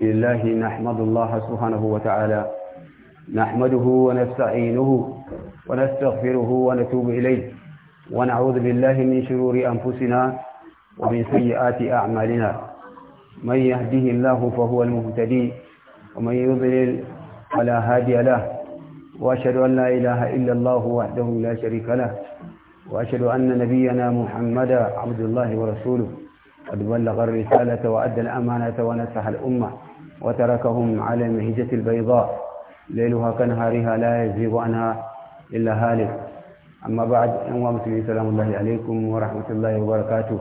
لله نحمد الله سبحانه وتعالى نحمده ونستعينه ونستغفره ونتوب إليه ونعوذ بالله من شرور أنفسنا ومن سيئات أعمالنا من يهده الله فهو المهتدي ومن يضلل فلا هادي له وأشهد أن لا إله إلا الله وحده لا شريك له وأشهد أن نبينا محمدا عبد الله ورسوله قد بلغ الرسالة وأدى الأمانة ونصح الأمة وتركهم على المهجة البيضاء ليلها كنهارها لا يزيغ عنها إلا هالك أما بعد أنواع مسلمين سلام الله عليكم ورحمة الله وبركاته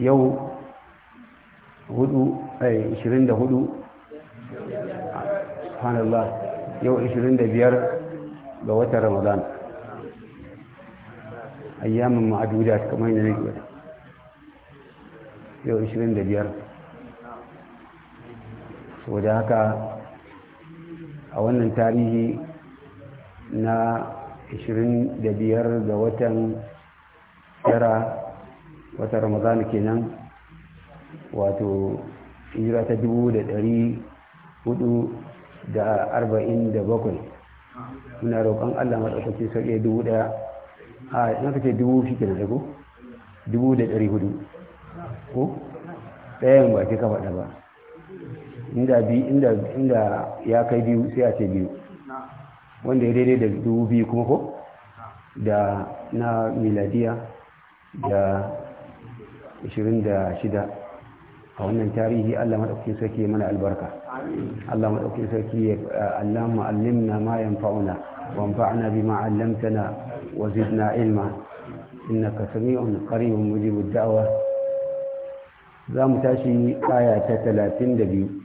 يو هدو أي إشرين ده هدو سبحان الله يو إشرين ده بيار بوات رمضان أيام معدودات كما يقول يو إشرين ده بيار saboda haka a wannan tarihi na 25 ga watan tara watan ramazan kenan wato hijira ta 447 muna roƙon allah maɗaukaki sauƙe dubu ɗaya a yana kake dubu shi kenan dago dubu da ɗari hudu ko ɗayan ba ke kafa ɗaba inda biyu inda ya kai biyu sai a ce biyu wanda ya daidai da dubu biyu kuma ko da na miladiya da 26 a wannan tarihi Allah maɗauki sarki ya mana albarka Allah maɗauki sarki ya allama fauna ma yanfa'una wanfa'na bima 'allamtana wa zidna ilma ka sami sami'un qaribun mujibud da'wa za mu tashi kaya ta 32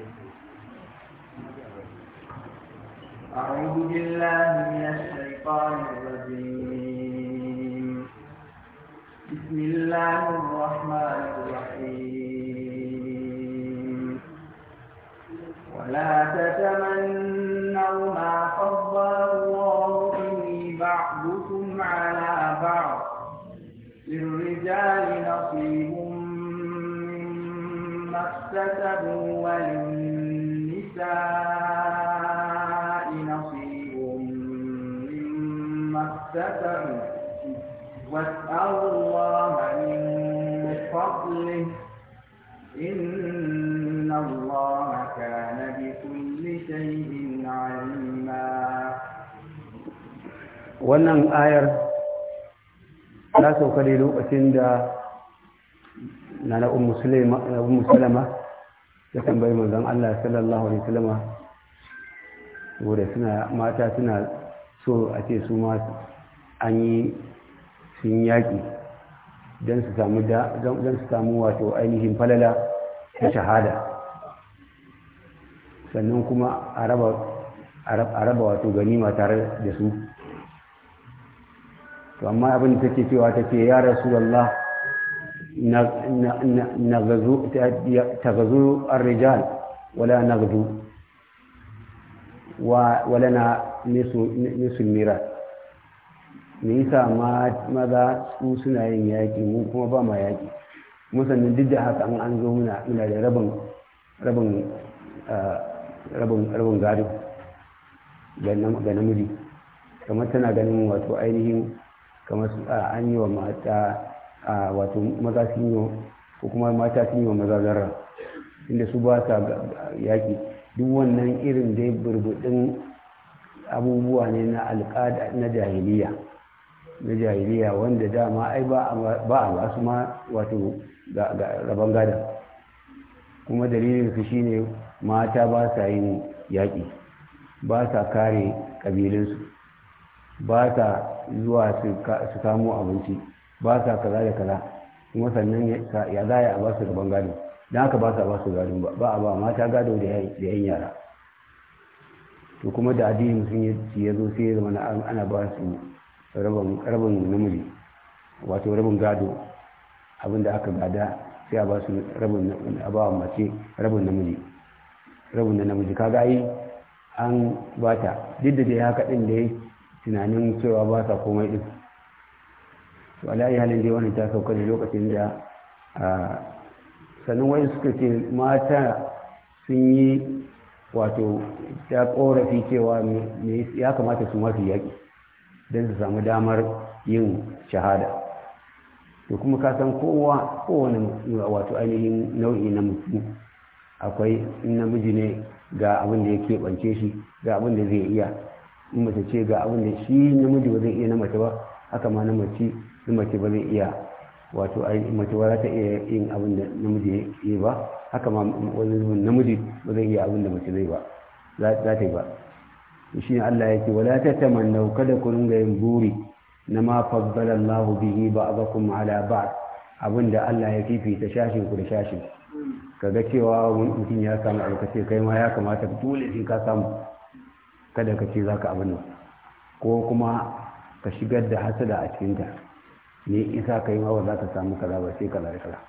أعوذ بالله من الشيطان الرجيم بسم الله الرحمن الرحيم ولا تتمنوا ما فضل الله به بعضكم على بعض للرجال نصيب مما اكتسبوا وللنساء الله من فضله إن الله كان بكل شيء عليما wannan ayar ta sauka da lokacin da na na'un musulama salama ya tambayi manzon Allah sallallahu alaihi wasallama saboda suna mata suna so a ce su ma an yi sun yaƙi don su samu wato ainihin falala da shahada sannan kuma a raba wato ganima tare da su to amma abin da ke cewa ta ke take ya rasulullah تغزو gazo ولا wala na نصف mirat me yasa maza su suna yin yaƙi mu kuma ba ma yaƙi musannin duk da haka an an zo muna muna da rabin rabin rabin rabin gado ga namiji kamar tana ganin wato ainihin kamar an yi wa mata a wato maza sun yi ko kuma mata sun yi wa maza zarra inda su ba sa yaƙi duk wannan irin dai burbuɗin abubuwa ne na alƙada na jahiliya na jahiliya wanda dama ai ba a ba su ma wato ga rabon gadon kuma dalilin su shine mata ba sa yin yaƙi ba sa kare ƙabilinsu ba sa zuwa su samu abinci ba sa kaza da kaza kuma sannan ya za a ba su rabon gado don haka ba sa ba su gado ba a ba mata gado da yan yara to kuma da addinin sun yi ya zo sai ya zama ana ba su rabin namiji wato rabin gado abinda aka gada sai a ba su rabin mace rabin namiji rabin na namiji ka gayi an bata duk da dai haka din dai tunanin cewa ba sa komai din to alayi halin dai wannan ta sauka ne lokacin da sannan wani suka ce mata sun yi wato ta korafi cewa ya kamata su masu yaƙi don su samu damar yin shahada to kuma ka san kowa kowane wato ainihin nau'i na mutum akwai namiji ne ga abin da ya keɓance shi ga abin da zai iya in mace ce ga abin da shi namiji ba zai iya na mace ba haka ma na mace na mace ba zai iya wato mace ba za ta iya yin abin da namiji ya ba haka ma wani namiji ba zai iya abin da mace zai ba za ta yi ba shi Allah yake wala tatamannu kada ku ringa yin buri na ma faddala Allah bihi ba'dakum ala ba'd abinda Allah ya fifita shashin ku da shashin kaga cewa mutum ya samu alkace kai ma ya kamata dole sai ka samu kada ka ce zaka abin nan ko kuma ka shigar da hasada a cikinta ne isa sa yi mawa za ka samu kaza ba sai kaza kaza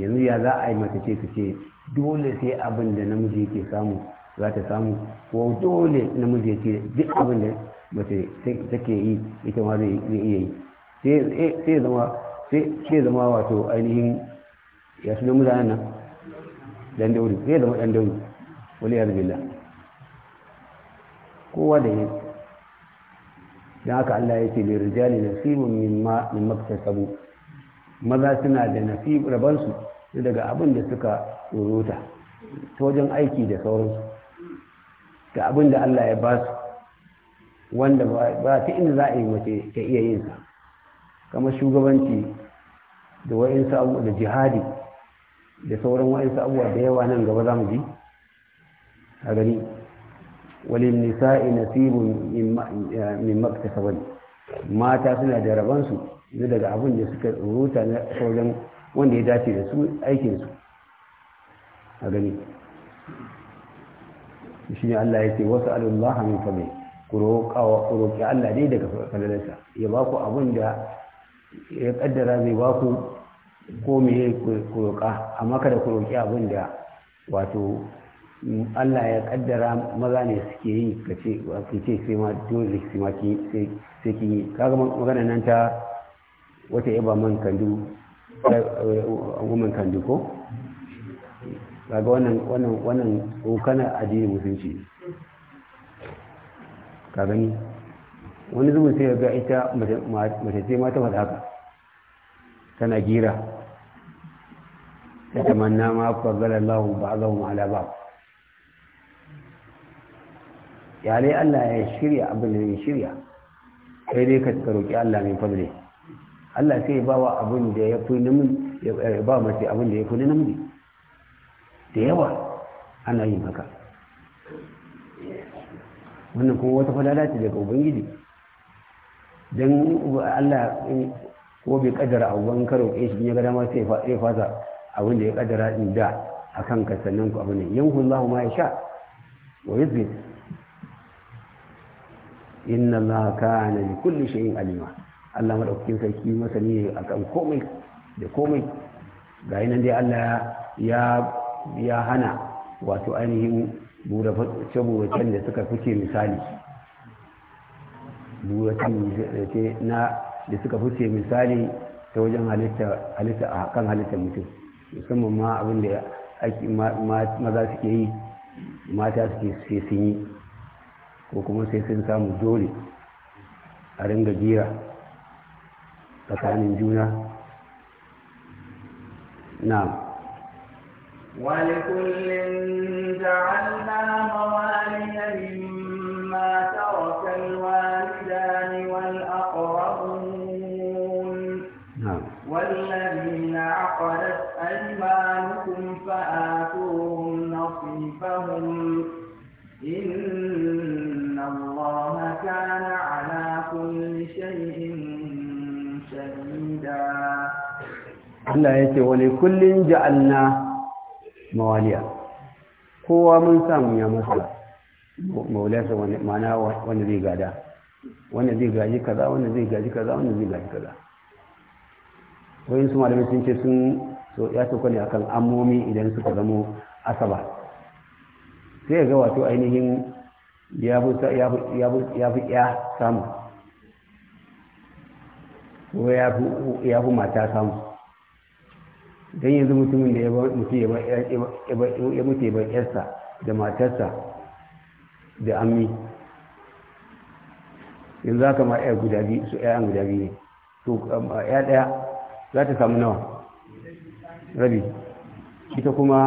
yanzu ya za a yi mace ce ce dole sai abin da namiji yake samu za ta samu ko dole namiji ce duk abin da mace take yi ita ma zai iya yi sai zama sai zama wato ainihin ya su da zanen nan dan dauri sai zama dan dauri wani ya zubila kowa da yi don haka Allah ya ce bai rijali nasibin mimma min sabu maza suna da nasib rabansu daga abin da suka tsorota ta wajen aiki da sauransu da abin da Allah ya ba su wanda ba ta inda za a yi mace ta iya yin sa kamar shugabanci da wa'insu abubuwa da jihadi da sauran wa'insu abubuwa da yawa nan gaba za mu ji a gani walin nisa'i nasibun min maktasabani mata suna da rabansu ne daga abin da suka ruta na sauran wanda ya dace da su aikinsu a gani shi ne Allah ya ce wasu alullaha min fadli ku roƙi Allah dai daga fadalarsa ya ba ku abin da ya kaddara zai ba ku ko me ku roƙa amma kada ku roƙi abin da wato Allah ya kaddara maza ne suke yi ka ce sai ma dole sai ma sai ki yi kaga magana nan ta wata yaba man kandu eh, woman kandu ko daga wannan wannan wannan tsokana addini musulunci ka gani wani zubin sai ga ita mace ce ma ta faɗa haka tana gira ta tamanna ma fagalar lahu ba a ala ba yare Allah ya shirya abin da ya shirya sai dai ka roƙi Allah mai fadle Allah sai ba wa abin da ya fi namun ya ba mace abin da ya fi namun da yawa ana yin haka wannan kuma wata falala ce daga ubangiji don Allah ko bai a wani karo ke shi ya gada masu ya fasa abin da ya kaddara in da a kan ka sannan ku abin kun zahu ma ya sha wa zai inna na kana kulle shi yin alima Allah maɗaukakin sarki masani ne kan komai da komai ga nan dai Allah ya ya hana wato ainihin burace da suka fice misali na da suka fice misali ta wajen halitta a kan halitta mutum musamman ma abin da maza suke yi mata suke sai sun yi ko kuma sai sun samu dole a ringa jira tsakanin juna na ولكل جعلنا موالي مما ترك الوالدان والأقربون نعم. والذين عقدت أيمانكم فآتوهم نصيبهم إن الله كان على كل شيء شهيدا الله يقول ولكل جعلنا mawaliya kowa mun samu ya masa maulansa mana wanda zai gada wanda zai gaji kaza wanda zai gaji kaza wanda zai gaji kaza wani su malamin sun ce sun so ya sauka ne akan amomi idan suka zamo asaba sai ga wato ainihin ya fi ya samu ko ya fi mata samu don yanzu mutumin da ya mutu ya bar yarsa da matarsa da ammi yanzu haka ma ya guda biyu su yayan guda biyu ne to ya daya za ta samu nawa rabi ita kuma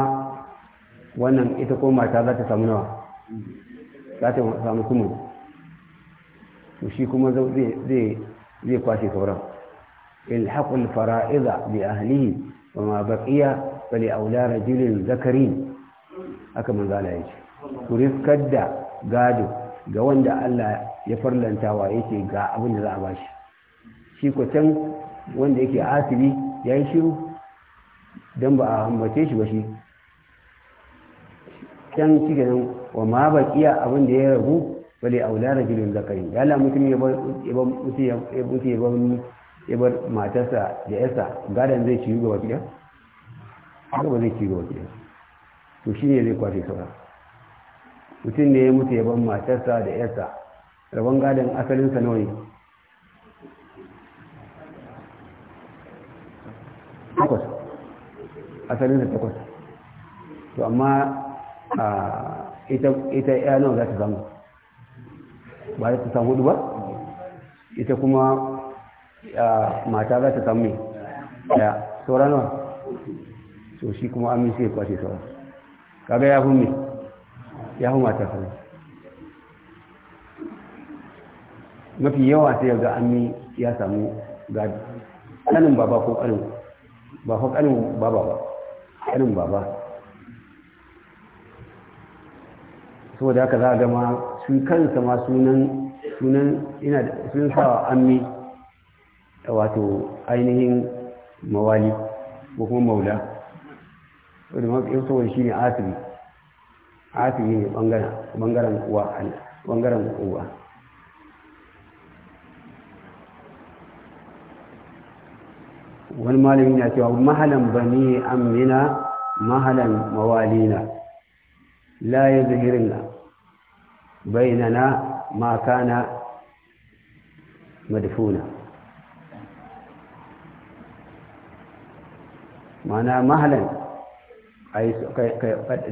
wannan ita kuma mata za ta samu nawa za ta samu kuma to shi kuma zai kwashe sauran ilhaqul fara'iza bi ahlihi وما بقي فلأولى رجل ذكري haka manzala ya ce ku riskar da gado ga wanda Allah ya farlanta wa yake ga abin da za a bashi shi can wanda yake asibi ya yi shiru don ba a hambace shi ba shi can cike nan wa ma baƙiya abin da ya rabu bale aula wula rajulun zakari ya la mutum ya ba mutum ya ba ya bar matarsa da yasa gadon zai ciyu ga wakiya haka ba zai ciyu ga wakiya to shi ne zai kwashe saura mutum ne ya mutu ya bar matarsa da yasa rabon gadon asalinsa nawa ne takwas asalinsa takwas to amma ita ya nawa za ta zama ba za ta samu hudu ba ita kuma mata za ta samu daya saura nawa so shi kuma amin sai kwashe saura kaga ya hun me ya hun mata saura mafi yawa sai ga amin ya samu gadi kanin baba ko kanin ba ko kanin baba ba kanin baba saboda haka za a gama su kansa ma sunan sunan ina sunan sawa ammi wato ainihin mawali ko kuma maula wadda mafi saboda shi ne asibi asibi ne bangaren uwa bangaren uwa wani malami na cewa mahalan bani amina mahalan mawalina la ya zahirin na ma kana madafuna mana mahalan ai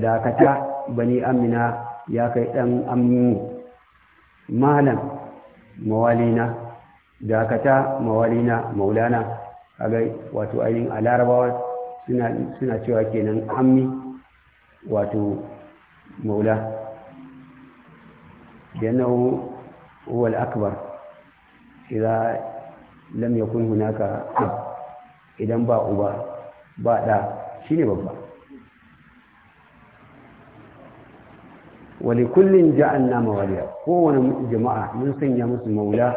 dakata bani amina ya kai dan aminu mahalan mawalina dakata mawalina maulana agai wato ainihin a larabawa suna cewa kenan ammi wato maula لأنه هو الأكبر إذا لم يكن هناك idan ba uba. ba ɗa shi ne babba wani kullum ja'an na mawariya kowane jama'a mun sanya musu maula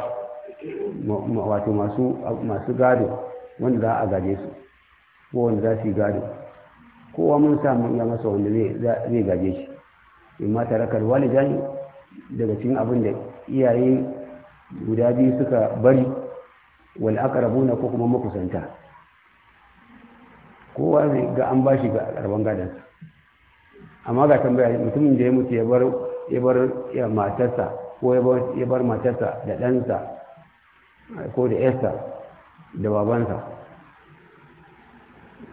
wato masu gado wanda za a gaje su kowane za su yi gado kowa mun sa ya masa wanda zai gaje shi in ma tarakar jani daga cikin abin da iyaye guda biyu suka bari akarabu na ko kuma makusanta kowa zai ga an bashi ga karban gadansa amma ga tambaya mutumin da ya mutu ya bar ya bar matarsa ko ya bar matarsa da ɗansa ko da yarsa da babansa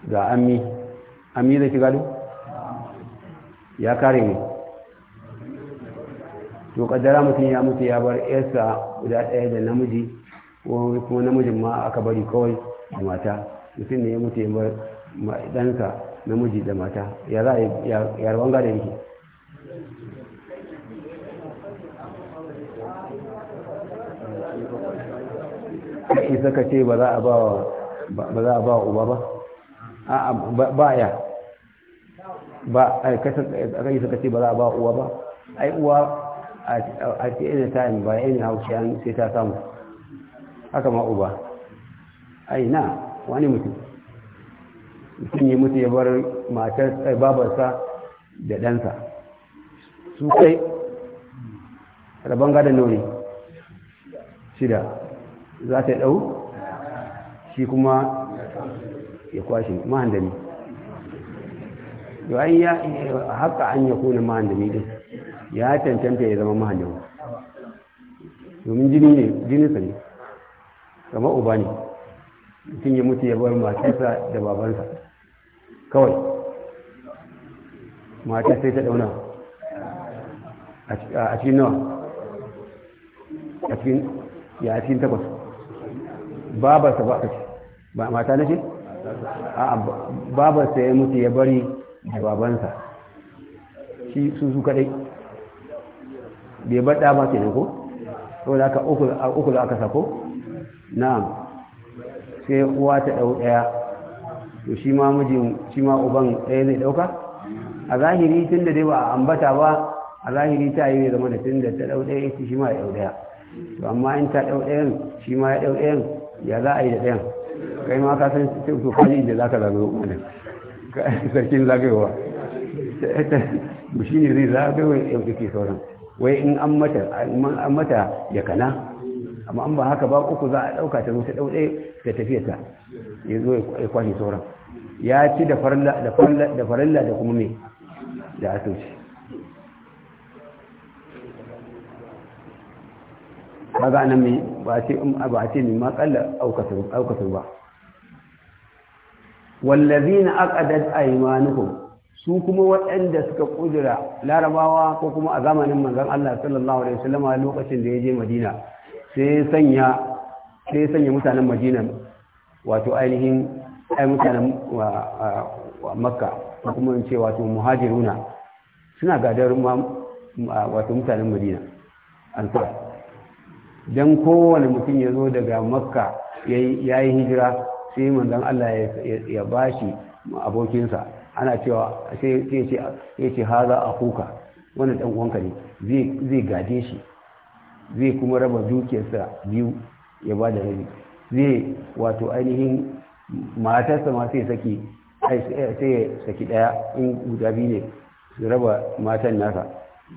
ga ammi ammi zai shiga duk ya kare ne to kaddara mutum ya mutu ya bar yarsa guda ɗaya da namiji ko kuma namijin ma aka bari kawai da mata mutum ne ya mutu ya bar ɗanka namiji da mata ya za a yi gada yake ka isa ka ce ba za a ba wa uba ba a ba ya ba a ka isa ka ce ba za a ba wa uwa ba ai uwa a ce any time ba any an sai ta samu haka ma uba ai na wani mutum sun yi mutu ya bar matar eh, babarsa da ɗansa su kai rabon gadon nori shida za ta ɗau shi kuma ya kwashe mahandami yawan ya haka an ya kuna mahandami din ya cancanta ya zama mahandami domin jini ne jininsa ne kama uba ne mutum ya mutu ya bar matarsa da babansa kawai mata sai ta dauna a cikin nawa a cikin ya a cikin takwas babarsa ba a ce ba mata na ce a babarsa ya mutu ya bari da babansa shi su su kadai bai bar ɗa ba ke ne ko da aka uku aka sako na'am sai uwa ta ɗau ɗaya to shi ma mijin shi ma uban ɗaya zai ɗauka a zahiri tun da dai ba a ambata ba a zahiri ta yi zama da tun da ta ɗau ɗaya ita shi ma ya ɗau ɗaya to amma in ta ɗau ɗayan shi ma ya ɗau ɗayan ya za a yi da ɗayan kai ma ka san to kwaji da za ka zagayo wannan sarkin zagayowa shi ne zai zagayo ya ɗauke sauran wai in an mata ya kana amma an ba haka ba uku za a dauka ta zo ta da tafiyarta ya zo ya kwashe sauran ya ci da farilla da kuma me da atoci kaga nan me ba a ce mai aukatu aukatu ba wallazi na akadar su kuma waɗanda suka kudura larabawa ko kuma a zamanin manzon Allah sallallahu alaihi wasallam lokacin da ya je Madina sai sanya sai sanya mutanen madina wato ainihin ai mutanen makka ko kuma in ce wato muhajiruna suna gadar wato mutanen madina alfa don kowane mutum ya zo daga makka ya yi hijira sai manzan Allah ya ba shi abokinsa ana cewa sai ya ce haza a kuka wani ɗan uwanka ne zai gaje shi zai kuma raba dukiyarsa biyu ya ba da rabi zai wato ainihin matarsa ma sai saki sai saki daya in guda biyu ne su raba matan nasa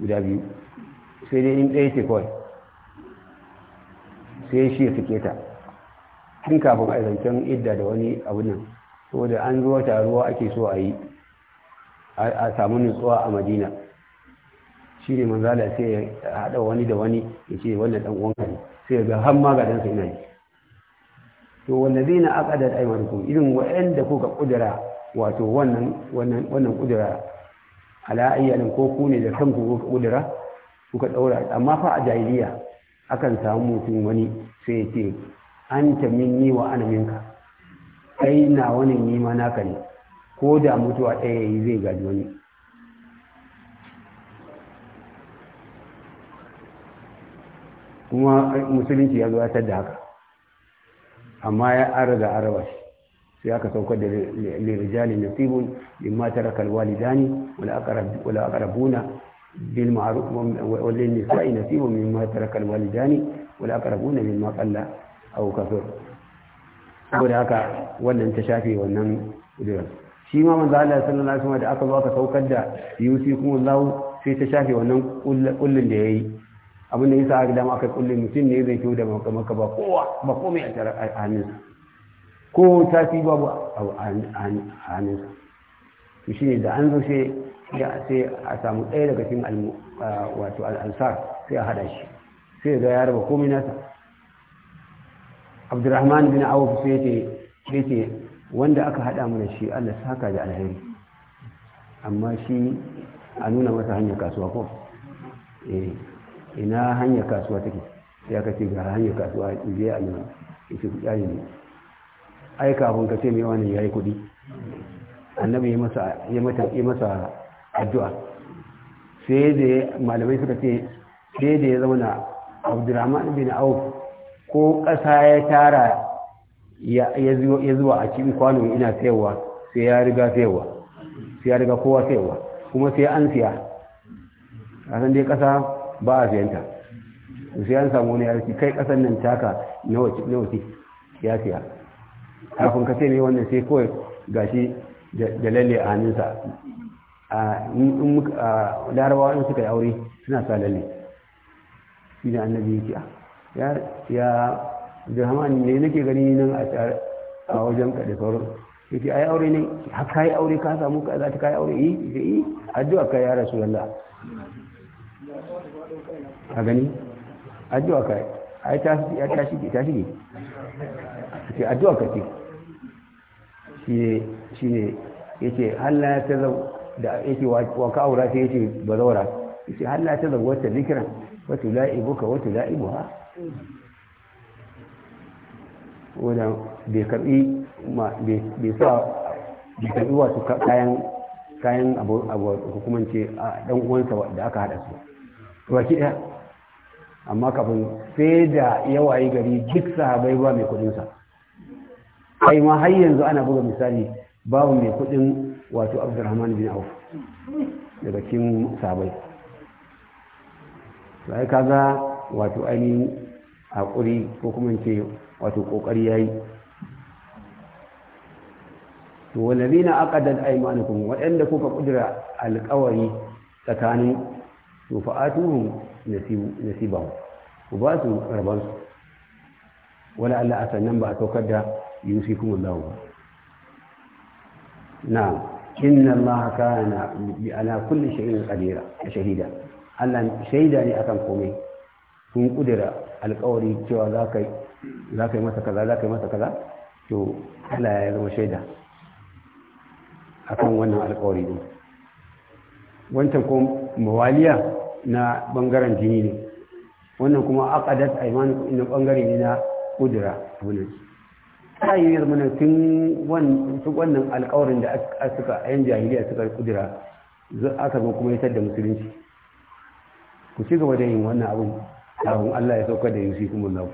guda biyu sai dai in ɗaya ce kawai sai shi ya suke ta tun kafin a zancen idda da wani abu nan saboda an zuwa taruwa ake so a yi a samu nutsuwa a madina shi ne manzala sai ya hada wani da wani ya ce wannan ɗan uwanka ne sai ga har ma ga ɗansa ina yi to wallazi na aqadat aymanukum irin wa'anda kuka kudura wato wannan wannan wannan kudura ala ayyalin ko ku ne da kanku kuka kudura kuka daura amma fa a jahiliya akan samu mutum wani sai ya ce anta minni wa ana minka kai na wani ni ma naka ne ko da mutuwa ɗaya yi zai gaji wani kuma musulunci ya gabatar da haka amma ya ara arga arawa sai aka saukar da lirijali nasibun imma tarakal walidani wal aqrabuna bil ma'ruf wal nisa'i nasibun mimma tarakal walidani wal aqrabuna mimma qalla aw kathur saboda haka wannan ta shafe wannan kudurar shi ma manzo Allah sallallahu alaihi wasallam da aka zo aka saukar da yusi kuma Allah sai ta shafe wannan kullun da yayi abin da yasa aka dama aka kulle mutum ne zai kyau da maka ba kowa ba komai a tare a hannunsa ko ta tafi babu a hannunsa to ne da an zo sai a samu ɗaya daga cikin wato al'ansar sai a haɗa shi sai ga yaro ba komai nasa abdurrahman bin awuf sai ya ce wanda aka haɗa mana shi allah saka da alheri amma shi a nuna masa hanyar kasuwa ko eh ina hanyar kasuwa take Ya ka ce ga hanyar kasuwa je a nan yace ku yayi ne ai kafin ka ce me wani yayi kudi annabi ya masa ya mata ya masa addu'a sai da malamai suka ce sai da ya zauna Abdurrahman bin Auf ko ƙasa ya tara ya zuwa a cikin kwanon ina sayarwa sai ya riga sayarwa sai ya riga kowa sayarwa kuma sai an siya kasan dai ƙasa ba a siyanta to sai an samu wani yarki kai kasan nan taka na wace ya siya kafin ka ne wannan sai kawai gashi da lalle a hannunsa a larabawa in suka yi aure suna sa lalle shi da annabi yake ah, ya ya hama ne nake gani nan a wajen kaɗe sauran yake ayi aure ne har kayi aure ka samu ka za ta kayi aure yi eh, yi eh, addu'a kai ya lalla. a gani addu'a ka ai ta ya ta shi ta shige ce addu'a ka ce shi ne yace Allah ya ta da yake wa ka aura sai yace bazawara yace Allah ya ta wata zikran wa tulaibuka wa tulaibuha wanda bai karbi ma bai sa bai karbi wasu kayan kayan abu hukumance a dan uwansa da aka hada su baki ɗaya amma kafin sai da yawa yi gari duk sahabai ba mai kudinsa kai ma har yanzu ana buga misali babu mai kudin wato abdurrahman bin auf daga cikin sahabai sai kaga wato ainihin hakuri ko kuma ce wato kokari yayi to wallazina da aymanukum waɗanda kuka kudira alƙawari tsakanin to fa'atuhum nasibahu ku ba su rabansu. Wani Allah a sannan ba a saukar da yusikum Allah ba na inna Allah na bi ala kulli shay'in qadira shahida Allah shaida ne akan komai kun kudura alƙawari cewa za ka za ka yi masa kaza za ka yi masa kaza to Allah ya zama shaida akan wannan alƙawari din wancan ko mawaliya na bangaren jini ne wannan kuma aqadat aymanukum inna bangare ne na kudura wannan sai yi zamanin tun wannan alƙawarin da suka 'yan jahiliya suka kudura aka zo kuma yatar da musulunci ku ci gaba da yin wannan abin kafin Allah ya sauka da yusikumullahu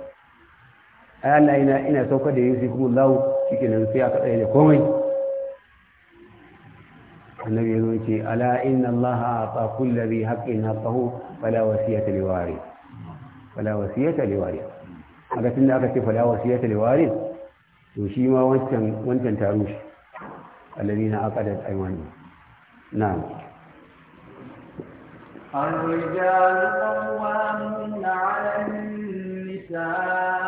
ai Allah ina ina sauka da yusikumullahu shikenan sai aka tsaye da komai annabi ya zo ce ala inna allaha ata kulli dhi haqqin haqqahu fala wasiyata liwari fala wasiyata liwari aka tunda aka ce fala wasiyata liwari to shi ma wancan wancan taro shi alladina aqadat aymanu na'am الرجال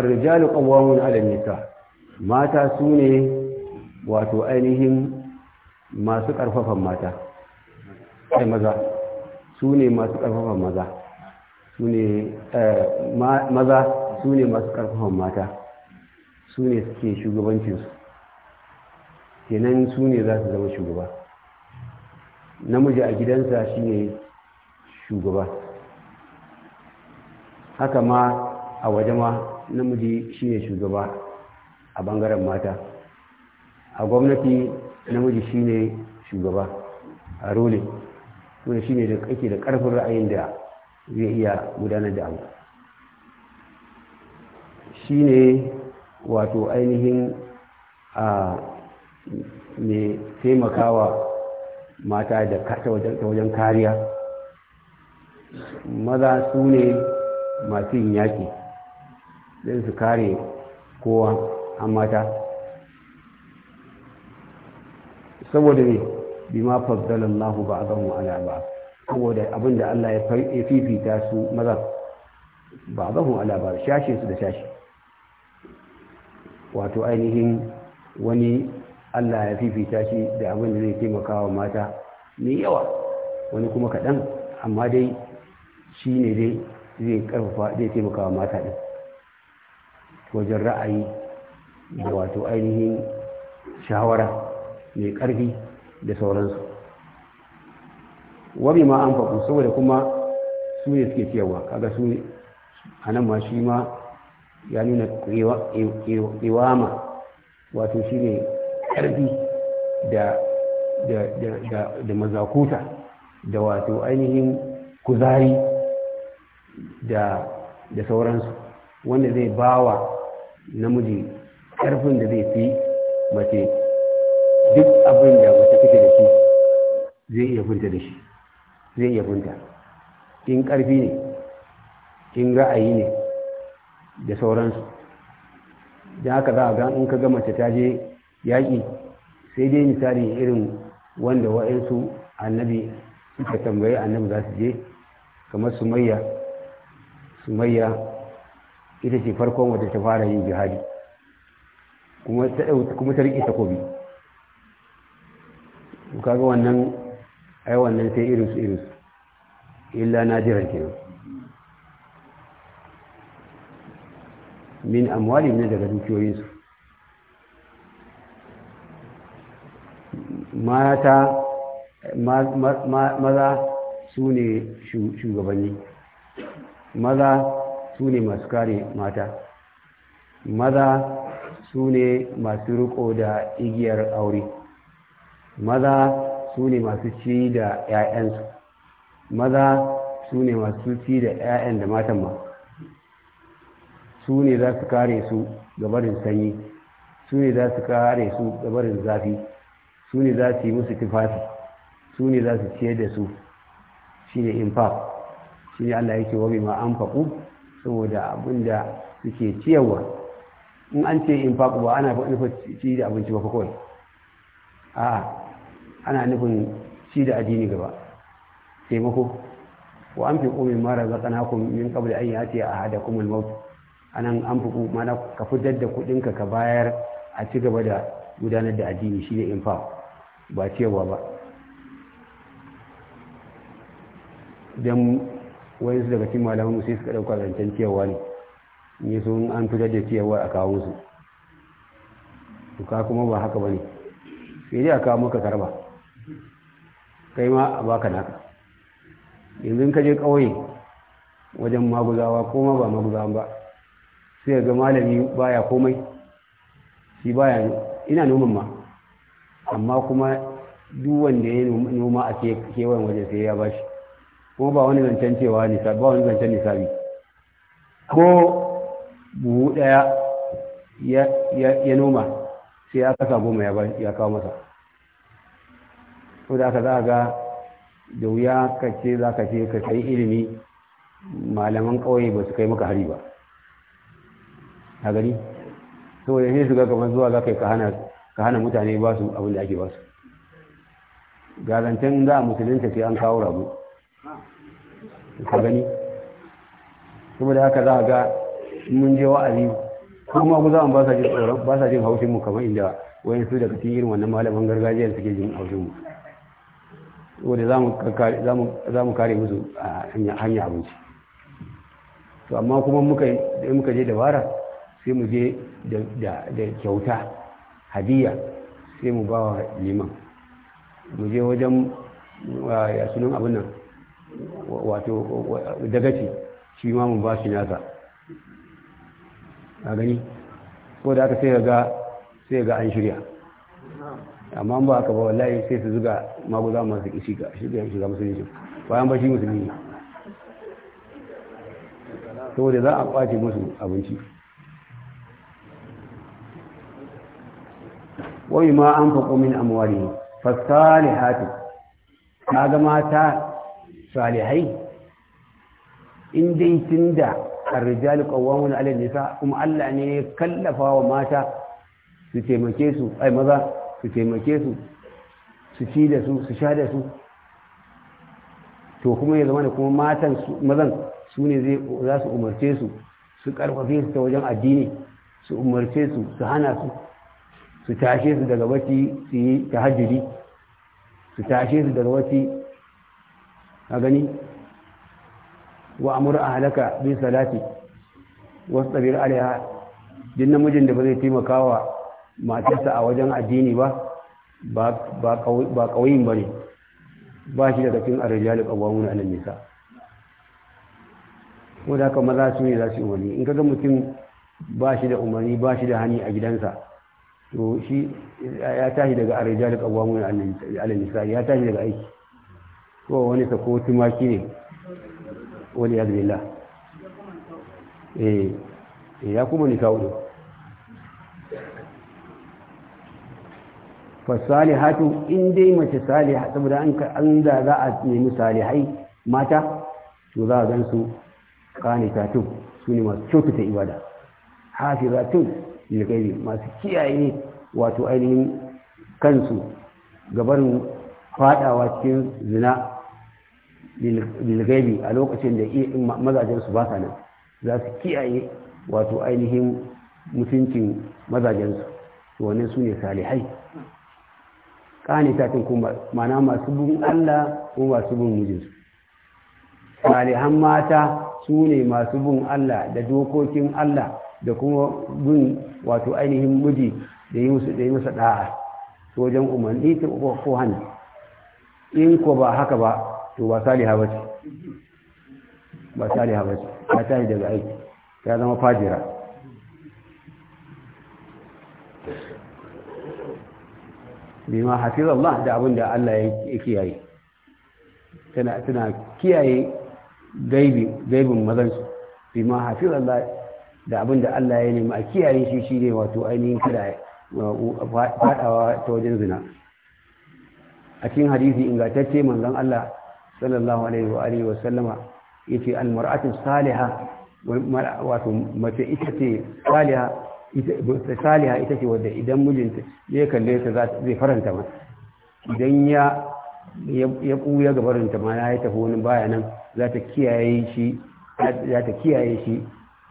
الرجال قوامون على النساء mata su wato ainihin maza su masu ƙarfafan mata su ne suke shugabancinsu kenan su ne zama shugaba namiji a gidansa shine shugaba haka ma a waje ma namiji shi ne shugaba a bangaren mata a gwamnati namiji shi ne shugaba a role to ne da kake da karfin ra'ayin da zai iya gudanar da abu shi ne wato ainihin a mai taimakawa mata da ta wajen kariya maza su ne masu yin yaki. don su kare kowa an mata saboda ne bima a ba'dahu ala ba saboda abinda Allah ya fifita su maza ba'dahu ala ba shashe su da shashe wato ainihin wani Allah ya fifita shi da abin da zai taimaka wa mata mai yawa wani kuma kaɗan amma dai shi ne dai zai ƙarfafa zai taimaka wa mata ɗin wajen ra'ayi da wato ainihin shawara mai ƙarfi da sauransu wani ma an faɗo saboda kuma su ne suke cewa kaga su ne a nan ma shi ma ya nuna ƙiwama wato shi ne ƙarfi da mazakuta da wato ainihin kuzari da sauransu wanda zai bawa namiji karfin da zai fi mace duk abin da wata take da shi zai iya funta da shi zai iya funta in karfi ne in ra'ayi ne da sauransu da haka za a ga in ka ga mace ta je yaƙi sai dai misali irin wanda wa'insu annabi suka tambayi annabi za su je kamar sumayya sumayya ita ce farkon wadda ta fara yin jihadi kuma ta riƙe takobi kaga wannan ai wannan sai irinsu irinsu illa na nadiran nan, min amwali ne daga dukiyoyinsu mata maza su ne shugabanni maza su ne masu kare mata maza su ne masu riko da igiyar aure maza su ne masu ci da 'ya'yansu maza su ne masu ci da 'ya'yan da matan ma su ne za su kare su gabarin sanyi su ne za su kare su gabarin zafi su ne za su yi musu tufafi su ne za su ciyar da su shi ne infa shi ne allah yake wabi ma an faƙu saboda abin da suke ciyarwa in an ce in faku ba ana nufin ci da abinci ba kawai a ana nufin ci da addini gaba taimako wa an fi ƙomi mara na ku min da an yace a hada kuma mawut a nan an fi mana ka fitar da kuɗinka ka bayar a ci gaba da gudanar da addini shi ne in ba ciyarwa ba wani su daga cikin malaman mu sai suka ɗauka zancen ciyarwa ne ne sun an fitar da ciyarwa a kawo su to ka kuma ba haka bane sai dai a kawo maka karba kai ma a baka naka yanzu ka je ƙauye wajen maguzawa ko ma ba maguzawa ba sai ga malami baya komai shi baya ina noman ma amma kuma duk wanda ya noma a kewayen wajen sai ya bashi Ko ba wani zancen cewa ba wani zancen nisabi ko buhu ɗaya ya noma sai ya kasa goma ya kawo masa ko da aka za ga da wuya ka ce za ka ce ka kai ilimi malaman kawai ba su kai maka hari ba a gari saboda ne su ga kamar zuwa za ka yi ka hana mutane ba su abin da ake ba su garantin za a musulunta sai an kawo rabu ka gani kuma da haka za a ga mun je wa'azi kuma ku za mu ba sa jin tsoron ba sa jin haushin mu kamar inda wayan su daga cikin wannan malaman gargajiyar suke jin haushin mu wanda za mu kare musu a hanya abinci to amma kuma muka je dabara sai mu je da kyauta hadiya sai mu ba wa liman mu je wajen ya sunan abin nan wato dagaci shi ma mun ba shi nasa a gani ko da aka sai ga sai ga an shirya amma ba aka ba wallahi sai su zuga maguza masu ga shi shirya shiga musulunci bayan ba shi musulmi da za a kwace musu abinci wai ma an faƙo min amwari fasali hati ga mata salihai in dai tunda da rijalu qawwamuna 'ala nisa kuma Allah ne ya kallafa wa mata su taimake su ai maza su taimake su su ci da su su sha da su to kuma ya zama da kuma matan mazan su ne zai za su umarce su su karfafe su ta wajen addini su umarce su su hana su su tashe su daga wati su yi tahajjudi su tashe su daga wati a gani wa amur ahlaka bi salati wasu tabir alaiha din namijin da ba zai taimaka wa matarsa a wajen addini ba ba kauyin ba ne ba shi daga cikin arjali kawamuna alal nisa ko da kama maza su ne za su umarni in kaga mutum ba shi da umarni ba shi da hani a gidansa to shi ya tashi daga arjali kawamuna alal nisa ya tashi daga aiki ko wani ta ko tumaki ne wani ya eh, eh ya kuma ni kawo fasalihatu in dai mace saliha saboda an da za a nemi salihai mata to za a gan su qanitatun su ne masu kyautata ibada hafizatun lil ne, masu kiyaye wato ainihin kansu gabarin fadawa cikin zina bilgaibi a lokacin da mazajensu ba sa nan za su kiyaye wato ainihin mutuncin mazajensu to wannan su ne salihai ƙanitatin kuma mana masu bin Allah ko masu bin mijinsu salihan mata su ne masu bin Allah da dokokin Allah da kuma bin wato ainihin miji da yi musu ɗaya masa ɗa'a wajen umarni ko hannu in ko ba haka ba to ba saliha ba ba saliha ba ta tashi daga aiki ta zama fajira bima hafiz Allah da abin da Allah ya kiyaye tana tana kiyaye gaibi gaibin mazansu bima hafiz Allah da abin da Allah ya nemi a kiyaye shi shi ne wato ainihin kira uh, fadawa ta wajen zina a cikin hadisi ingantacce manzon Allah sallallahu alaihi wa alihi wa sallama yace al mar'atu salihah wato mace ita ce salihah ita salihah ita ce wadda idan mijinta ya kalle ta zai faranta mata idan ya ya ɓuya gabarinta ma ya tafi wani baya nan za ta kiyaye shi za ta kiyaye shi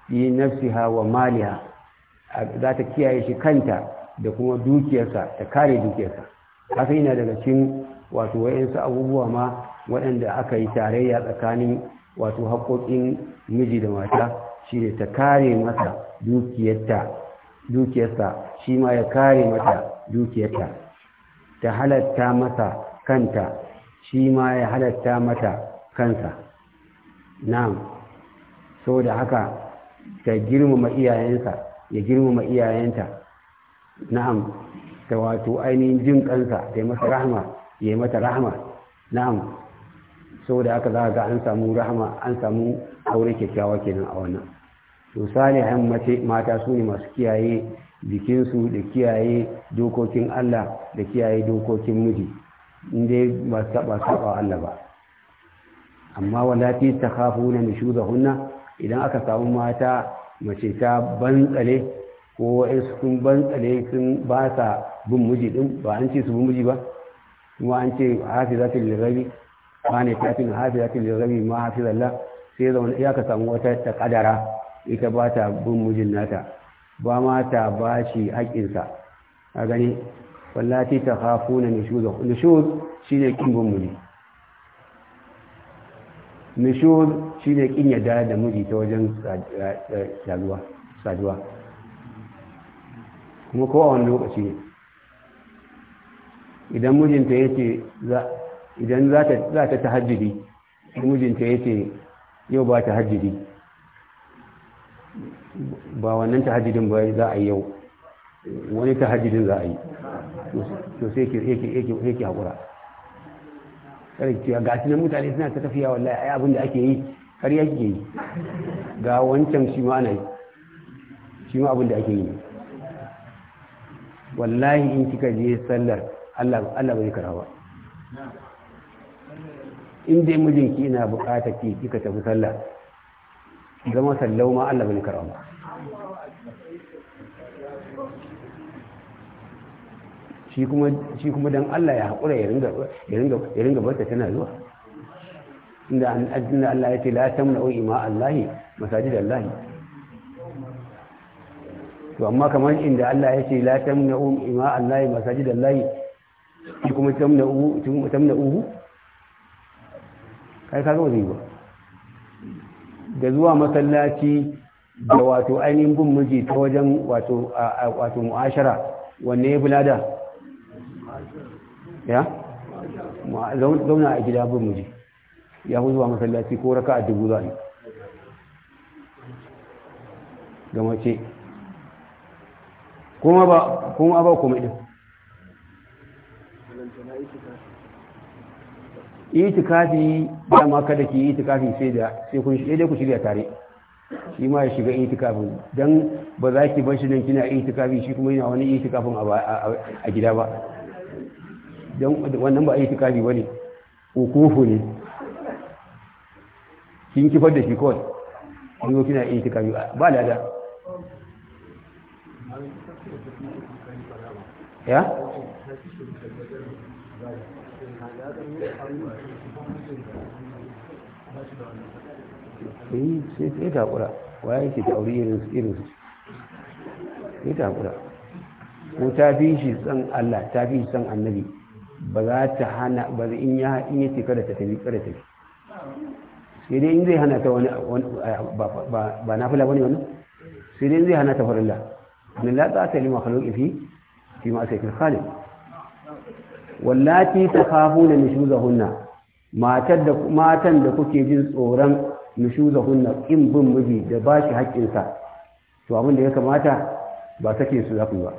yi nafsiha wa maliha za ta kiyaye shi kanta da kuma dukiyarsa ta kare dukiyarsa haka yana daga cikin wato wayansu abubuwa ma waɗanda aka yi tarayya tsakanin wato haƙoƙin miji da mata shi ne ta kare mata dukiyarta shi ma ya kare mata dukiyarta ta halatta masa kanta shi ma ya halatta mata kansa na'am da haka ta girmama iyayensa ya girmama iyayenta na'am ta wato ainihin jin kansa ta yi masa rahama ya yi mata rahama na'am saboda haka za ga an samu rahama an samu aure kyakkyawa kenan a wannan to salihan mace mata su ne masu kiyaye jikinsu da kiyaye dokokin Allah da kiyaye dokokin miji inda ba su taba saba Allah ba amma walati takhafuna nushuzahunna idan aka samu mata mace ta bantsale ko wa'insu sun bantsale sun ba sa bin miji din ba an ce su bin miji ba kuma an ce hafi za ta kane hafi hafizatin da zami ma zalla sai zaune ya ka samu wata ta kadara ita ba ta bin mijin nata ba ma ta ba shi haƙƙinsa a gani wallati ta hafu na nishuz shi ne ƙin bin muji. nishuz shi ne ƙin yadda da muji ta wajen saduwa kuma wani lokaci ne idan mujinta ya ce idan za ta tahajjudi mijinta ya ce yau ba ta hajjidi. ba wannan hajjidin ba za a yi yau wani hajjidin za a yi to sai yake haƙura ƙarfi ga nan mutane suna ta tafiya wallahi ai abin da ake yi har yake yi ga wancan shi ma na yi shi ma abin da ake yi wallahi in kika je sallar Allah ba zai karawa in dai mijinki ina bukata ki kika tafi sallah zama sallau ma Allah bin karama shi kuma shi kuma dan Allah ya hakura ya ringa ya ringa ya ringa barta tana zuwa inda an ajina Allah ya ce la tamna'u ima Allah masajid Allah to amma kamar inda Allah ya ce la tamna'u ima Allah masajid Allah shi kuma tamna tamna'u kai kaga ba zai ba da zuwa masallaci da wato ainihin bin miji ta wajen wato mu'ashara wanne ya bulada ya zauna a gida bin miji ya hu zuwa masallaci ko raka a dubu zai Gama mace kuma ba kuma ba kuma din itikafi ma kada ki yi itikafi sai da sai kun shirya ku shirya tare shi ma ya shiga itikafin dan ba za ki bar shi nan kina itikafi shi kuma yana wani itikafin a gida ba dan wannan ba itikafi bane ukufu ne kin kifar da shi kawai ni ko kina itikafi ba lada ya Eh, sai sai ta kura waye ke ta aure irin irin sai ta ko ta fi shi san Allah ta fi shi san annabi ba za ta hana ba in ya ce kada ta tafi kada ta sai dai in zai hana ta wani ba na fila bane wannan sai dai in zai hana ta farilla an la ta ta lima khaluqi fi fi ma sai khalid wallati takhafuna da matar da matan da kuke jin tsoron hunna in bin miji da bashi shi sa to abin da ya kamata ba sake su zafi ba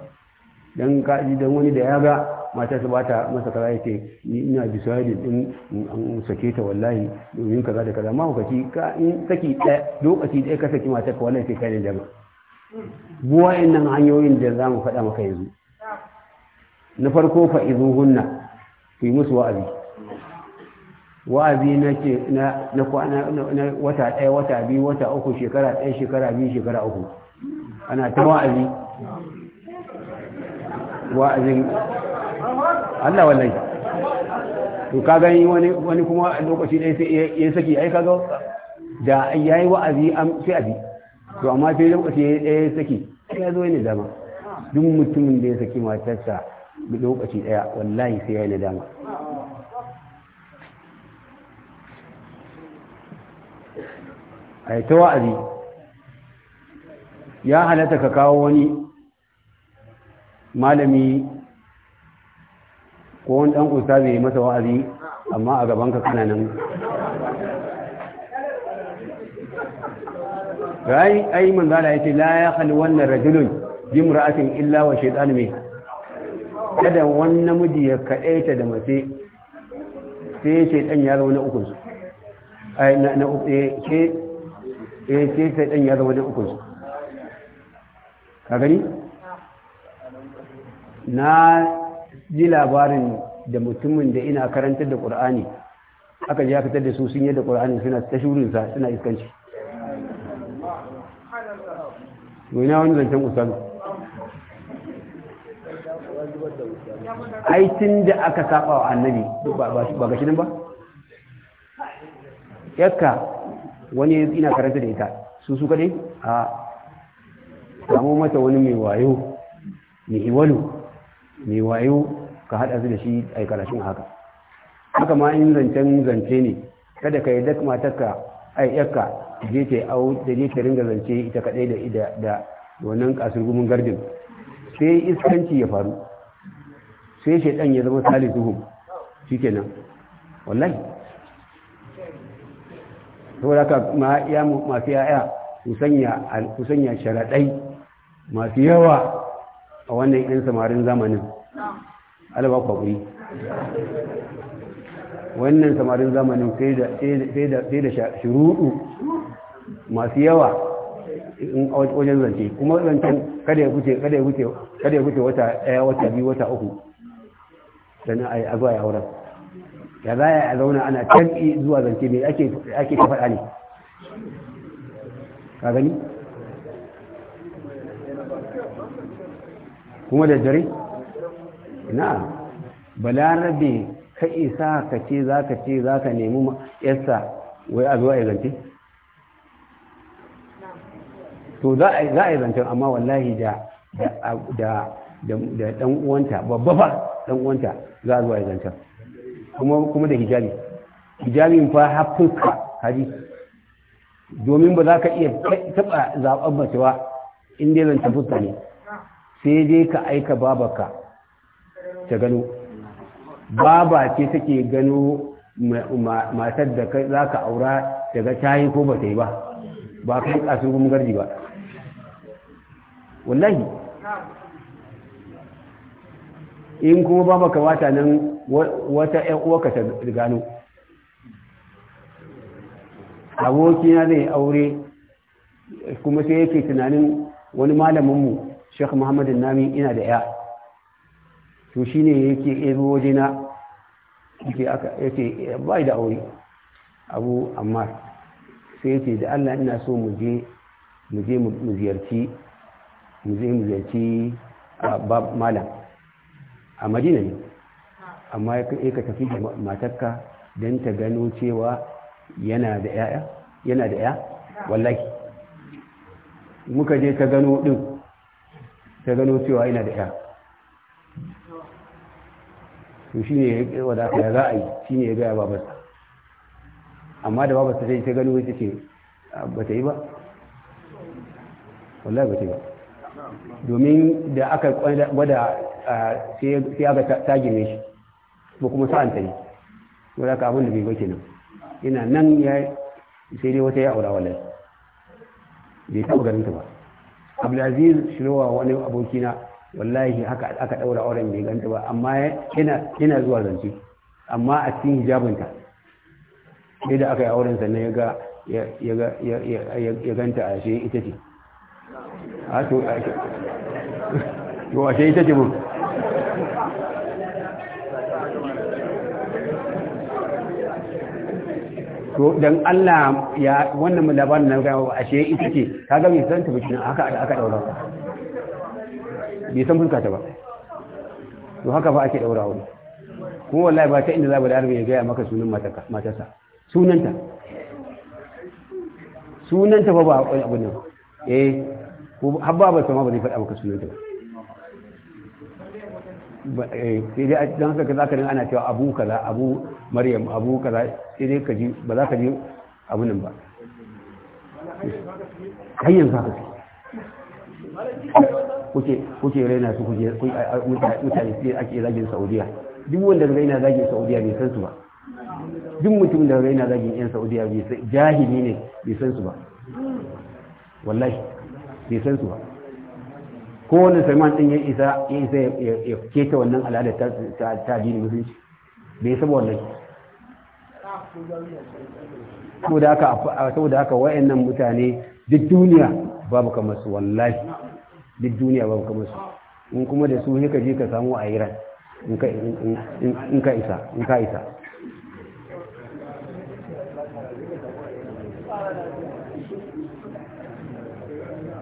dan ka ji wani da ya ga matar su bata masa kaza yake ni ina sai din an sake ta wallahi domin kaza da kaza ma hukaci ka in saki ɗaya lokaci ɗaya ka saki matar ka wallahi sai kai ne ba buwa nan hanyoyin da zamu faɗa maka yanzu na farko fa'izuhunna ku yi musu wa'azi wa'azi na na kwana na wata ɗaya wata biyu wata uku shekara ɗaya shekara biyu shekara uku ana ta wa'azi wa'azin Allah wallahi to ka gani wani wani kuma lokaci ɗaya sai ya saki ai kaga da yayi wa'azi am sai abi to amma sai lokaci ɗaya ya saki sai ya zo ne zama. duk mutumin da ya saki matarsa lokaci daya wallahi sai ya yi nadama a yi ta wa'azi ya halatta ka kawo wani malami ko wani ɗan ƙusa zai masa wa'azi amma a gabanka kananan ra'ayi ayi manzala ya ce la ya halwar na rajulun jimra'atin illa wa shaitan mai kada wani namiji ya kaɗaita da mace sai ya ce ɗan ya zama na ukunsu na eh, eh, ka gani na ji labarin da mutumin da ina karantar da ƙur'ani aka ji fitar da su sun yi da ƙur'ani suna ta shurinsa suna iskanci. wani wani zancen usalu. ai da aka saba wa annabi ba ga shirin ba yakka wani ina karanta da ita su su kadai a samu mata wani mai wayo mai iwalu mai wayo ka haɗa su da shi a karashin haka haka ma in zancen zance ne kada ka yi dak matarka a yakka je ta au da je ta ringa zance ita kadai da da wannan kasurgumin gardin sai iskanci ya faru sai shaidan ya zama nan wallai sau da ka ya masu yaya ku sanya sharaɗai masu yawa a wannan 'yan samarin zamanin alaba kwakwai wannan samarin zamanin sai da shiruɗu? masu yawa in wajen zance kuma zancen kada ya wuce wata ɗaya wata biyu wata uku sannan a yi a zuwa yawon ya za a zauna ana canɗi zuwa zance mai ake ta faɗa ne ka gani kuma da dare na balarabe ka isa ka ce za ka ce za ka nemi yasa wai a zuwa zance to za a yi zancen amma wallahi da da da dan uwanta babba ba dan uwanta za a zuwa ya zancan kuma da hijabi hijabin fa hafuka hari domin ba za ka iya taba zaɓen mace ba in yanzu zancen ne sai dai ka aika babaka ta gano baba ce take gano matar da za ka aura daga tayi ko ba ta yi ba ba kai kasu gumgarji ba wallahi in kuma ba maka wata nan wata ‘yan uwaka ta gano abokina zai aure kuma sai yake tunanin wani malaminmu sheikh muhammadin nami ina da ya to shi ne yake ebo wajena yake yi da aure abu amma sai yake da allah ina so mu je mu ziyarci ah, malam a madina ne amma ya ka tafi da matarka don ta gano cewa yana da ya yana da wallaki muka je ta gano din ta gano cewa yana da ya su shi ne ya wadata ya za a yi shi ne ya gaya babarsa amma da babarsa sai ta gano ya ce ah, ba ta yi ba wallahi ba ta yi ba domin da aka gwada sai aka tagine shi ba kuma sa'an ta ne wadda ka abin da bai baki nan ina nan ya sai dai wata ya aura wallahi bai taɓa ganin ta ba abdulaziz shirowa wani abokina wallahi haka aka ɗaura auren bai ganta ba amma yana zuwa zance amma a cikin hijabinta sai da aka yi auren sannan ya ga ya ganta a shi ita ce a to a ita ce mun to dan Allah ya wannan mu labarin nan a ashe ita ce kaga gami san ta bishin haka aka daura ka bai san fuska ta ba to haka ba ake daura wani kuma wallahi ba ta inda za ba da ya gaya maka sunan matarsa sunanta sunanta ba ba abu nan eh ko har ba ba sama ba zai faɗa maka sunan ta ba eh, sai dai dan haka za ka dinga ana cewa abu kaza abu maryam abu kaza sai dai ka ji ba za ka ji abu nan ba har yanzu haka su. kuke kuke raina su kuke mutane sai ake zagin saudiya duk wanda raina zagin saudiya bai san su ba duk mutum da raina zagin yan saudiya bai jahili ne bai san su ba wallahi bai san su ba wannan salman din ya isa ya isa ya keta wannan al'adar ta addinin musulunci bai saba wannan saboda haka saboda haka wayannan mutane duk duniya babu kamar su wallahi duk duniya babu kamar su in kuma da su ne ka je ka samu a Iran in ka isa in ka isa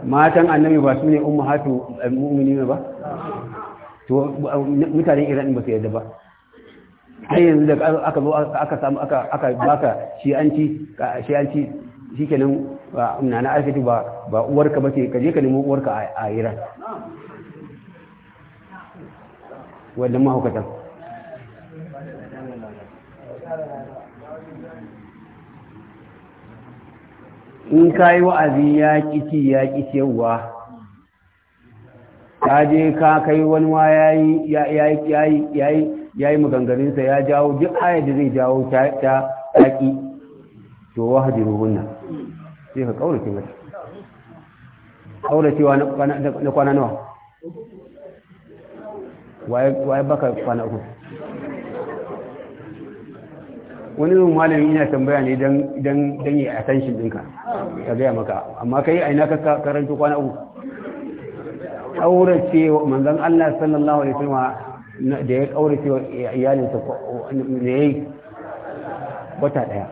matan annabi ba su ne ummahatu mu'mini ba to mutanen Iran ba su yarda ba har yanzu da aka zo aka samu aka aka baka shi an ci shi an ci shikenan na na alfiti ba ba uwarka ba ce ka je ka nemo uwarka a Iran wannan mahaukatan in ka yi wa'azi ya ci ya ƙiciyarwa ka je ka kai wani wa ya yi maganganinsa ya jawo duk ayar da zai jawo ta ƙi to wahadi ruhunna sai ka ƙaurace mata ƙauracewa na kwana nawa waye baka kwana uku wani zuwa malami yana tambaya ne don yi attention ɗinka ta gaya maka amma ka yi aina ka karanta kwana uku wa manzan Allah sallallahu alaihi wa da ya ƙaurace wa iyalinsa da ya yi wata ɗaya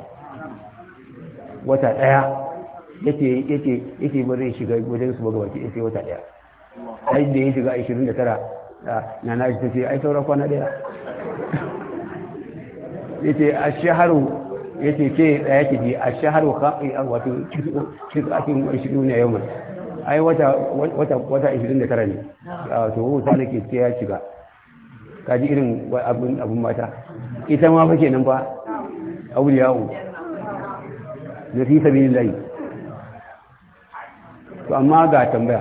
wata ɗaya yake bari shiga wajen su baga baki ya sai wata ɗaya ai da ya shiga 29 ah, na na ta ce ai saura kwana ɗaya yace a shahru yace ke da ke ji shaharu shahru a wato cikin ishirin ne yau ai wata wata wata 29 ne to wuta ke ce ya shiga kaji irin abin mata ita ma fa nan fa auliyawo da fi layi. to amma ga tambaya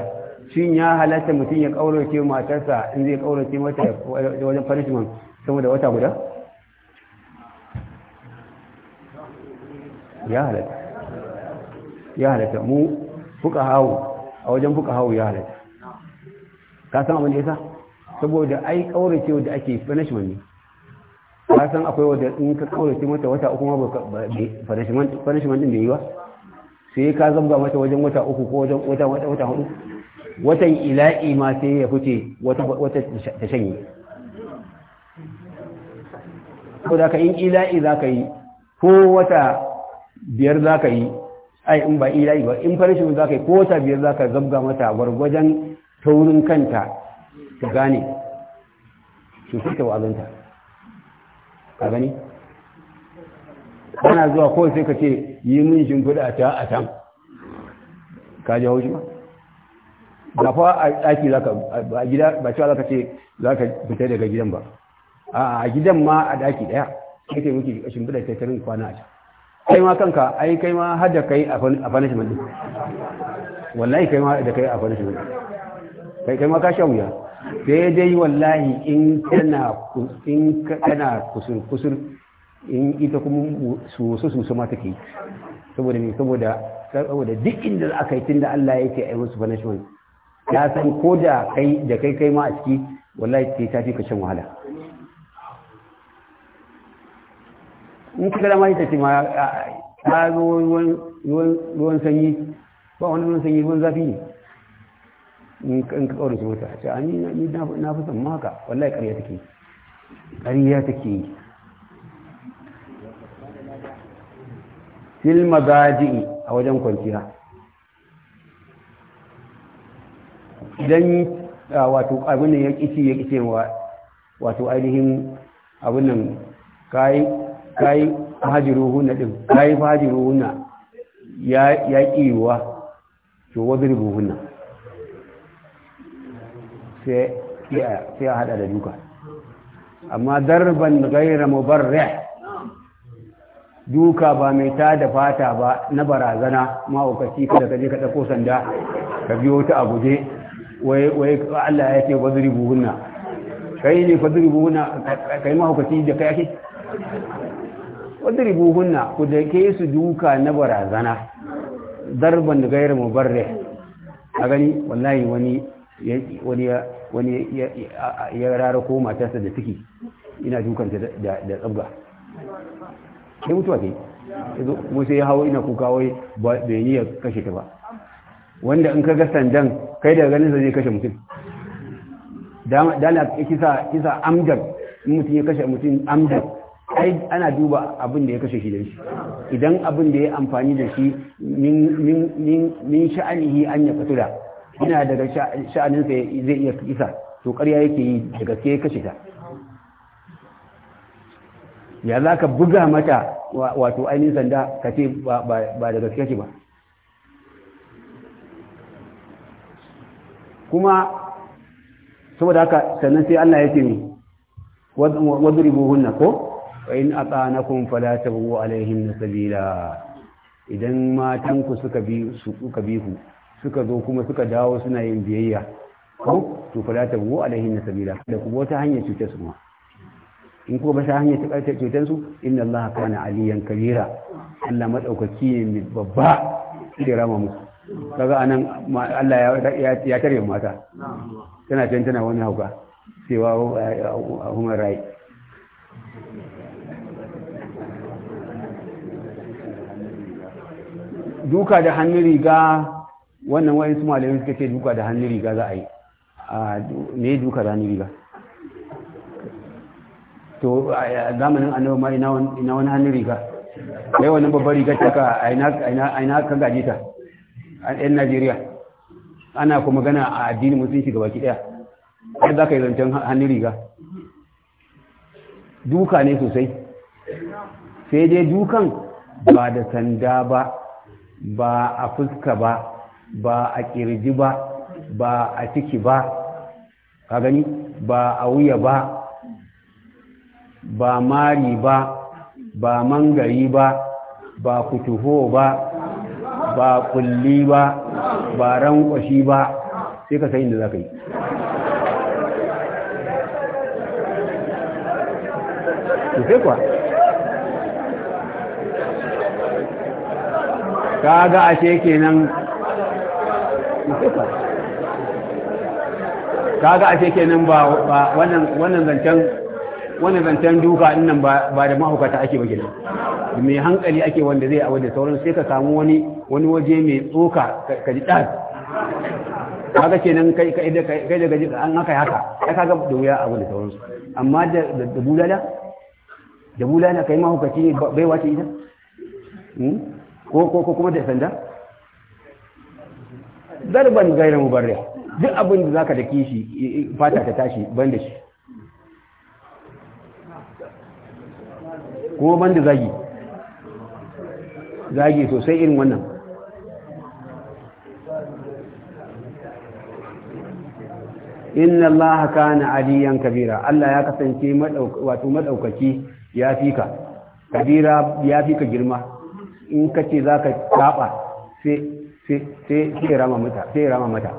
shin ya halatta mutum ya kaurace matarsa in zai kaurace mata wajen punishment saboda wata guda ya halatta ya halatta mu fuka hawo a wajen fuka hawo ya halatta ka san abin da yasa saboda ai kaurace da ake punishment ne ka san akwai wanda in ka kaurace mata wata uku ma punishment punishment din da yi wa? sai ka zamba mata wajen wata uku ko wajen wata wata wata hudu watan ila'i ma sai ya fice wata wata ta shanye ko da ka in ila'i za ka yi ko wata biyar za ka yi ai in ba ila'i ba in farashi za ka yi ko wata biyar za ka zabga mata gwargwajen taurin kanta ta gane Su suke wazanta ka gani kana zuwa kawai sai ka ce yi min shimfiɗa ta a can ka ji haushi ba ba fa a ɗaki za ka ba gida ba cewa za ka ce za ka fita daga gidan ba a gidan ma a ɗaki ɗaya sai ka yi miki shimfiɗa ta tarin kwana a can kai ma kanka ai kai ma har da kai a punishment din wallahi kai ma da kai a punishment kai kai ma ka shan wuya sai dai wallahi in kana in kana kusur kusur in ita kuma su su su ma take saboda me saboda saboda duk inda aka yi tunda Allah yake ai musu punishment ya san ko da kai da kai kai ma a ciki wallahi sai ta fi ka shan wahala in kika dama ita ce ma ta ruwan sanyi ba wani ruwan sanyi ruwan zafi ne in ka kaura su wuta ce a ni na fi son maka wallahi kariya take kariya take fil magaji a wajen kwanciya idan wato abin ya ƙici ya wa wato ainihin abin nan kayi kayi fahajiruhunna din kayi fahajiruhunna ya ya kiwa to wadribuhunna sai sai a hada da duka amma darban gaira mubarrih duka ba mai ta da fata ba na barazana ma'aukaci kada ka je ka ɗauko sanda ka biyo ta a guje wai Allah ya ce ba buhunna kai ne fa zuri buhunna kai ukaci da kai ake wadribuhunna ku ke su duka na barazana darban da gairar mubarre a gani wallahi wani ya rara ko matarsa da ciki ina dukanta da tsabga sai mutuwa ke kuma sai ya hawo ina kuka wai bai ni ya kashe ta ba wanda in ka ga sandan kai daga ganin sa zai kashe mutum dala kisa kisa amdar mutum ya kashe mutum amdar ai ana duba abin da ya kashe shi da shi idan abin da ya amfani da shi min sha'anihi an ya fatula yana daga sha'aninsa zai iya isa to ƙarya yake yi daga ke ya kashe ta ya za ka buga mata wato ainihin sanda ka ce ba daga gaske ba kuma saboda haka sannan sai Allah ya ce wadribuhunna ko fa'in in ata'anakum fala tabghu alaihim sabila idan matanku suka bi su suka ku suka zo kuma suka dawo suna yin biyayya ko to fala tabghu alaihim sabila da kuma wata hanyar cutar su ma in kuma ba ta hanyar ta ƙarshe cutar su inna Allah kana aliyan kabira Allah madaukaki ne babba da rama musu kaga anan Allah ya tare mata tana can tana wani hauka cewa human right duka da hannun riga wannan wayan su malamai suka ce duka da hannun riga za a yi ne duka da hannun riga to a zamanin annabi ma ina wani hannun riga yai wani babbar rigar ta ka aina kan gaje ta yan najeriya ana kuma gana a addinin musulunci gaba daya har za ka yi zancen hannun riga duka ne sosai sai dai dukan ba da sanda ba ba a fuska ba ba a kirji ba ba a ciki ba ka gani ba a wuya ba ba mari ba ba mangari ba ba kutuho ba ba kulli ba ba ran rankwashi ba sai ka sayin da za ka yi sai kuwa ka ga ashe kenan kaga ashe nan ba wannan zancen wannan zancen duka nan ba da mahaukata ake ba gidan mai hankali ake wanda zai a da sauran sai ka samu wani wani waje mai tsoka ka ji ɗan kaga kenan kai kai da kai da gaji an haka haka kaga da wuya abu da sauransu amma da da bulala da bulala kai mahukaci ne bai wace ita hmm? ko ko kuma da sanda zarban gairar mubarre duk abin da ka da kishi fata ta tashi ban da shi ko ban da zagi zagi sosai irin wannan inna allaha kana aliyan kabira allah ya kasance wato madaukaki ya fi ka kabira ya fi ka girma in ka ce za ka taɓa sai rama mata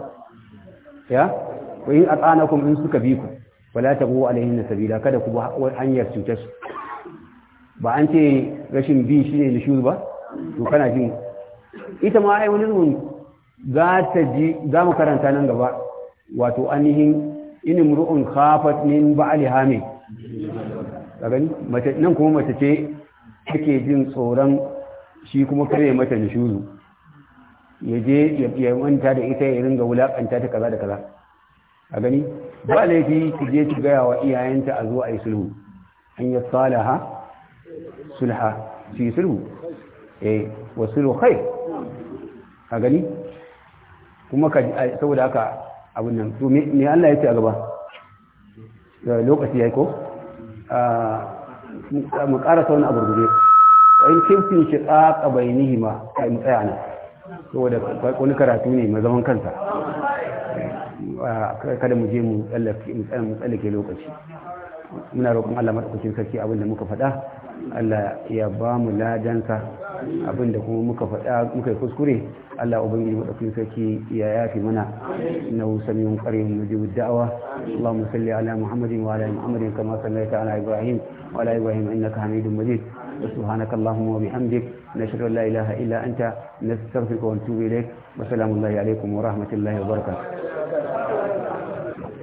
ya wani a tsanakun in suka bi ku wala ta gowa alayhin na sabila kada ku hanyar cutar su ba an ce rashin bi shi ne nishuru ba to kana jin ita ma ai wani rubun za ta ji za mu karanta nan gaba wato ainihin inin ru'un khafat min ba'ali hami gani nan kuma mace ce take jin tsoron shi kuma kare mata nishuru ya je ya manta da ita ya ringa wulakanta ta kaza da kaza a gani ba laifi ki je ki gaya wa iyayenta a zuwa a yi sulhu an yi salaha sulha su yi sulhu eh wa sulhu kai. a gani kuma ka saboda haka abin nan to me Allah ya ce a gaba eh, lokaci ya yi ko mu ta wani abu guje in kimfin shi tsaka bai nihi ma a yi matsaya ne saboda wani karatu ne mai zaman kansa kada mu je mu tsallake lokaci muna roƙon Allah maɗaukacin sarki abin da muka faɗa Allah ya ba mu ladansa abinda kuma muka faɗa muka yi kuskure Allah ubangiji madaukakin sarki ya yafi mana innahu samiyun qareem mujibud da'awa Allahumma salli ala Muhammadin wa ala Muhammadin kama sallaita ala Ibrahim wa ala Ibrahim innaka Hamidum Majid سبحانك اللهم وبحمدك نشهد ان لا اله الا انت نستغفرك ونتوب اليك وسلام الله عليكم ورحمه الله وبركاته